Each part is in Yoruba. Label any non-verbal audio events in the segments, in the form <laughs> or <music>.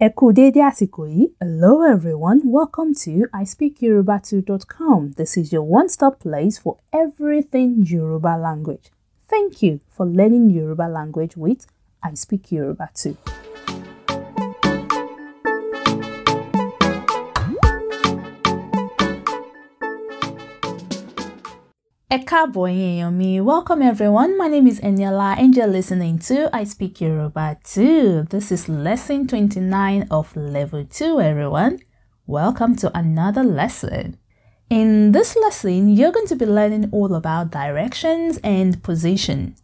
Ẹ kú déédé Hello everyone, welcome to ispeakyoruba2.com. This is your one-stop place for everything Yoruba language. Thank you for learning Yoruba language with I Speak Yoruba 2. Ekaboyeyomi. Welcome everyone. My name is Eniola and you're listening to I Speak Yoruba 2. This is lesson 29 of level 2 everyone. Welcome to another lesson. In this lesson, you're going to be learning all about directions and position.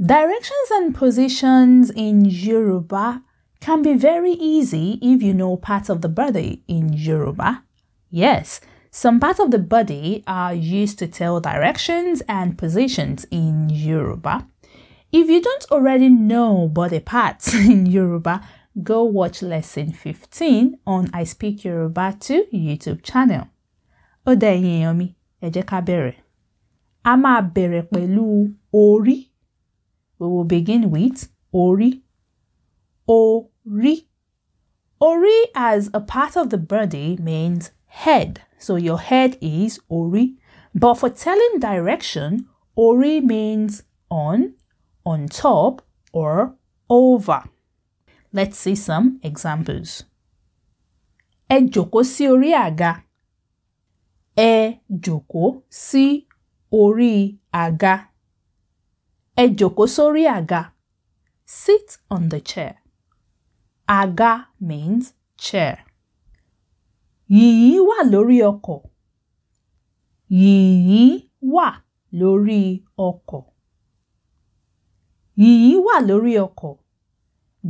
Directions and positions in Yoruba can be very easy if you know parts of the body in Yoruba. Yes, some parts of the body are used to tell directions and positions in Yoruba. If you don't already know body parts <laughs> in Yoruba, go watch lesson 15 on I Speak Yoruba 2 YouTube channel. Ó dẹ̀ yín mi, ẹ bẹ̀rẹ̀. A bẹ̀rẹ̀ pẹ̀lú orí. We will begin with orí. Orí. Ori as a part of the body means head. So your head is ori. But for telling direction, ori means on, on top, or over. Let's see some examples. Ẹ joko sí orí àga. Ẹ joko sí orí àga. Ẹ joko sórí àga. Sit on the chair. Àga means chair. yìnyín wà lórí ọkọ̀ yìnyín wà lórí ọkọ̀ yìnyín wà lórí ọkọ̀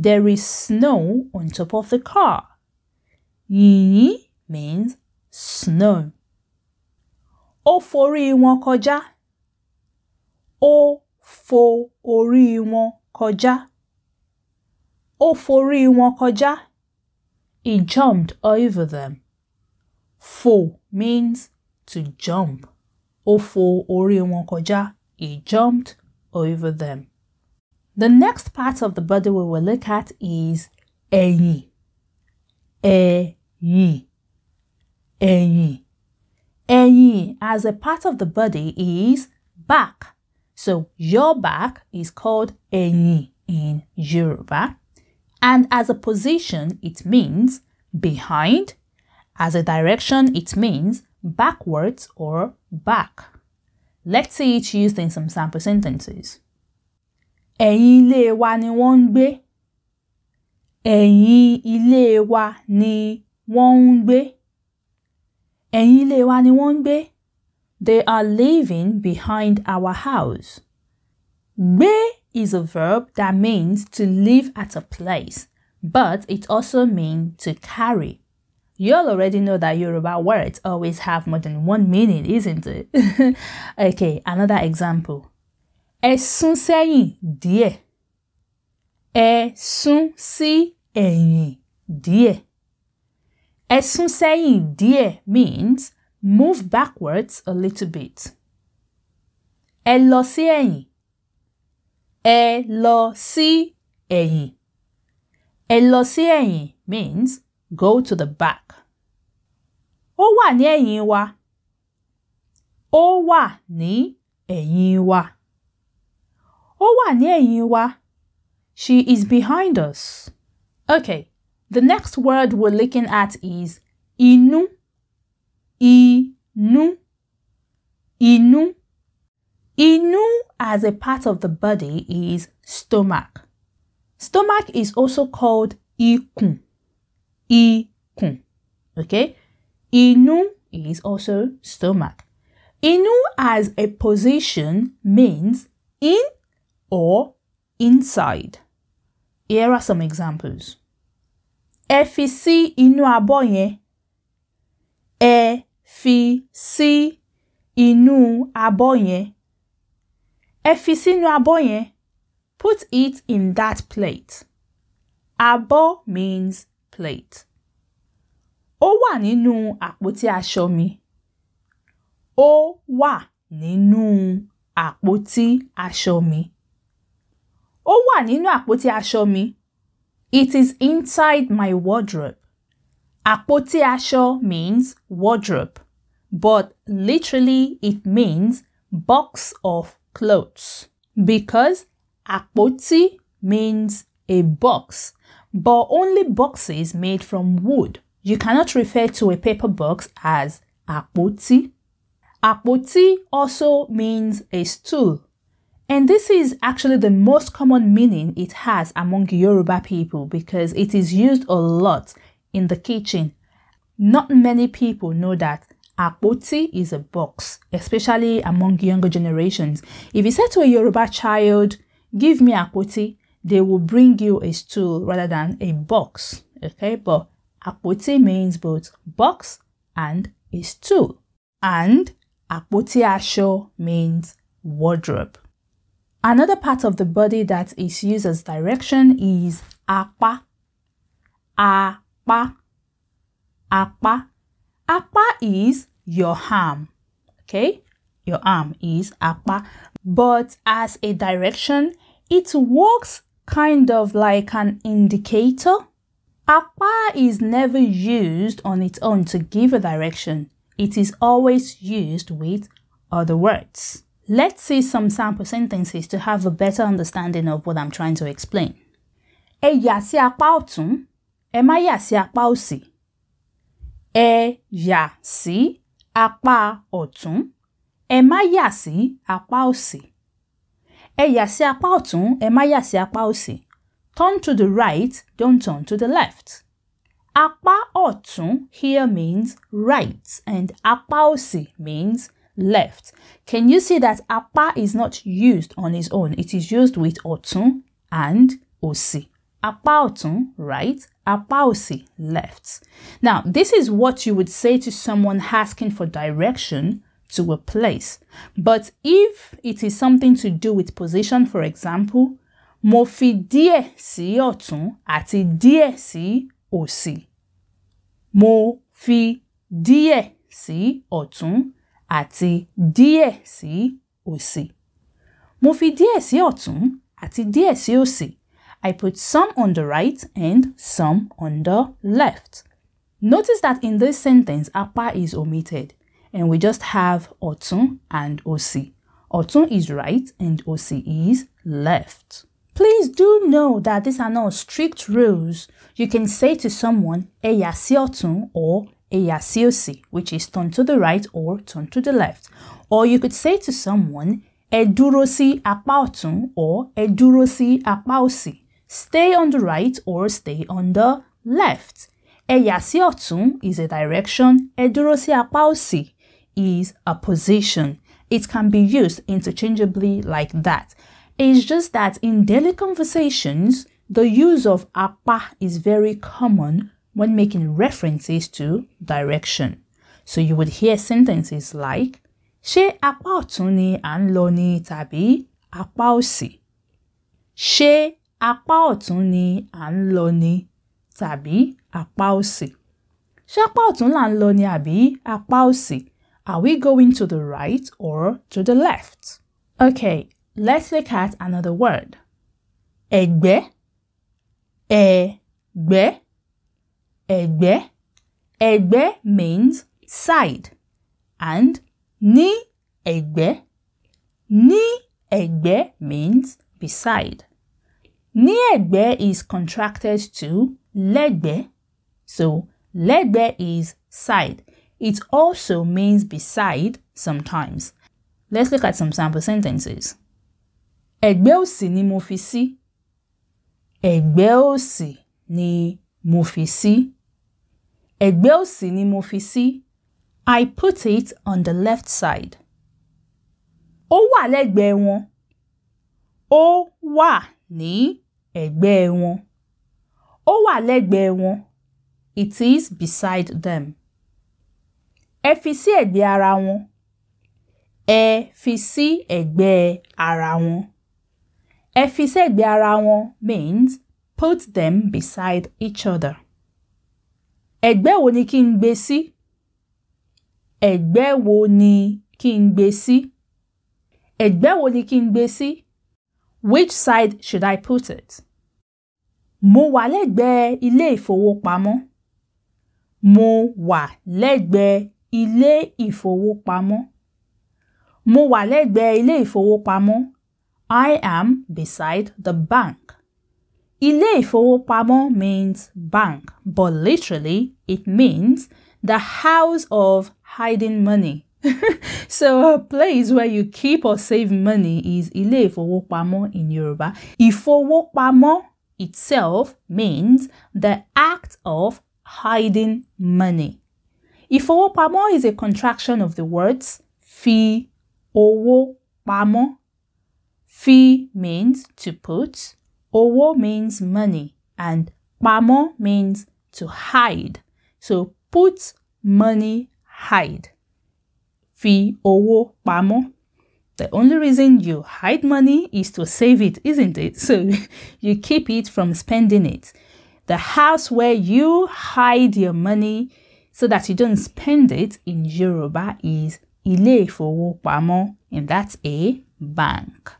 there is snow on top of the car yìnyín means snow ó forí wọn kọjá ó fo orí wọn kọjá ó forí wọn kọjá he jumped over them. Fò means to jump. Ó fò orí kọjá. He jumped over them. The next part of the body we will look at is ẹ̀yìn. Ẹ̀yìn. Ẹ̀yìn. Ẹ̀yìn as a part of the body is back. So your back is called ẹ̀yìn in Yoruba. And as a position, it means behind, as a direction, it means backwards or back. Let's see it used in some sample sentences. Ẹ̀yìn ilé wa ni wọ́n gbé. Ẹ̀yìn ilé wa ni wọ́n gbé. Ẹ̀yìn ilé wa ni wọ́n gbé. They are living behind our house. Gbé is a verb that means to live at a place, but it also means to carry you all already know that Yoruba words always have more than one meaning, isn't it? <laughs> okay, another example. Ẹ̀sùn sẹ́yìn díẹ̀. Ẹ̀sùn sí ẹ̀yìn díẹ̀. Ẹ̀sùn sẹ́yìn díẹ̀ means move backwards a little bit. Ẹ lọ sí ẹ̀yìn. Ẹ lọ sí ẹ̀yìn. Ẹ lọ sí ẹ̀yìn means Go to the back. Ó wà ní ẹ̀yìn wa. Ó wà ní ẹ̀yìn wa. Ó wà ní ẹ̀yìn wa. She is behind us. Okay, the next word we're looking at is inú. Inú. Inú. Inú as a part of the body is stomach. Stomach is also called ikùn ikun. Okay? Inu is also stomach. Inu as a position means in or inside. Here are some examples. Efi sí inú aboye. Efi sí inú aboye. Efi si inu aboye. Put it in that plate. Abọ́ means plate ó wà nínú àpótí aṣọ mi ó wà nínú àpótí aṣọ mi ó wà nínú àpótí aṣọ mi it is inside my wardrobe àpótí aṣọ means wardrobe but literally it means box of clothes because àpótí means a box but only boxes made from wood you cannot refer to a paper box as apoti. Apoti also means a stool. And this is actually the most common meaning it has among Yoruba people because it is used a lot in the kitchen. Not many people know that apoti is a box, especially among younger generations. If you say to a Yoruba child, give me apoti, they will bring you a stool rather than a box. Okay, but Àpótí means both box and a stool. And àpótí Asho means wardrobe. Another part of the body that is used as direction is apá. Apá. Apá. Apá is your arm. Okay? Your arm is apá. But as a direction, it works kind of like an indicator Apa is never used on its own to give a direction. It is always used with other words. Let's see some sample sentences to have a better understanding of what I'm trying to explain. Ẹ yà sí apá ọ̀tún, ẹ má yà sí apá òsì. Ẹ yà sí apá ọ̀tún, ẹ má yà sí apá òsì. Ẹ yà sí apá ọ̀tún, ẹ má yà sí apá òsì. Turn to the right, don't turn to the left. Apa ọ̀tún here means right and apa means left. Can you see that apa is not used on its own? It is used with ọ̀tún and òsì. Apa ọ̀tún, right? Apa left. Now, this is what you would say to someone asking for direction to a place. But if it is something to do with position, for example, mo fi díẹ̀ sí ọ̀tún àti díẹ̀ sí òsì. mo fi díẹ̀ sí ọ̀tún àti díẹ̀ sí òsì. mo fi díẹ̀ sí ọ̀tún àti díẹ̀ sí òsì. I put some on the right and some on the left. Notice that in this sentence, apa is omitted and we just have ọ̀tún and òsì. Ọ̀tún is right and òsì is left. Please do know that these are not strict rules. You can say to someone, Eya or Eya which is turn to the right or turn to the left. Or you could say to someone, Ẹ dúró sí or Ẹ dúró sí Stay on the right or stay on the left. Ẹ is a direction. Ẹ dúró sí is a position. It can be used interchangeably like that. It's just that in daily conversations, the use of apa is very common when making references to direction. So you would hear sentences like "She apá tuni and à tàbí apá òsì? She apá tuni and à tàbí apá òsì? She apá tuni and loni lọ àbí apá òsì? Are we going to the right or to the left? Okay, Let's look at another word. Ẹgbẹ́, ẹgbẹ́, ẹgbẹ́. Ẹgbẹ́ means side and ní ẹgbẹ́, ní ẹgbẹ́ means beside. Ní ẹgbẹ́ is contracted to lẹ́gbẹ́. So lẹ́gbẹ́ is side. It also means beside sometimes. Let's look at some sample sentences. ẹ̀gbẹ́ òsì ni mo fi sí ẹ̀gbẹ́ òsì ni mo fi sí ẹ̀gbẹ́ òsì ni mo fi sí I put it on the left side. ó wà lẹ́gbẹ̀ẹ́ wọn ó wà ní ẹ̀gbẹ́ wọn ó wà lẹ́gbẹ̀ẹ́ wọn it is beside them. ẹ fi sí ẹ̀gbẹ́ ara wọn ẹ fi sí ẹ̀gbẹ́ ara wọn. Ẹ fi sẹ́gbẹ̀ẹ́ ara wọn means put them beside each other. Ẹ̀gbẹ́ wo ni kí n gbé sí? Ẹ̀gbẹ́ wo ni kí n gbé sí? Ẹ̀gbẹ́ wo ni kí n gbé sí? Which side should I put it? Mo wà lẹ́gbẹ̀ẹ́ ilé ìfowópamọ́. Mo wà lẹ́gbẹ̀ẹ́ ilé ìfowópamọ́. Mo wà lẹ́gbẹ̀ẹ́ ilé ìfowópamọ́. I am beside the bank. Ilé ìfowópamọ́ means bank, but literally it means the house of hiding money. <laughs> so a place where you keep or save money is ilé ìfowópamọ́ in Yoruba. Ìfowópamọ́ itself means the act of hiding money. Ìfowópamọ́ is a contraction of the words fi owó pamọ́ Fi means to put, owo means money, and pamo means to hide. So put money, hide. Fi owo pamo. The only reason you hide money is to save it, isn't it? So <laughs> you keep it from spending it. The house where you hide your money so that you don't spend it in Yoruba is ile pamo, and that's a bank.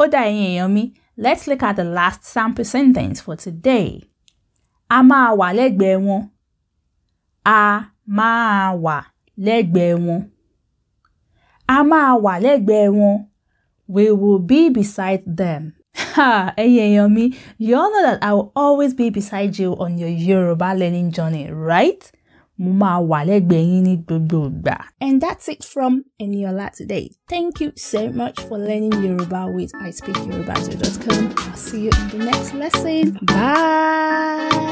Oda Eyeyomi, let's look at the last sample sentence for today. A máa wà lẹ́gbẹ̀ẹ́ wọn. A máa wà lẹ́gbẹ̀ẹ́ wọn. A máa wà lẹ́gbẹ̀ẹ́ wọn. We will be beside them. Ha! Eyeyomi, you all know that I will always be beside you on your Yoruba learning journey, right? And that's it from Eniola today. Thank you so much for learning Yoruba with ispeakyoruba2.com. I'll see you in the next lesson. Bye!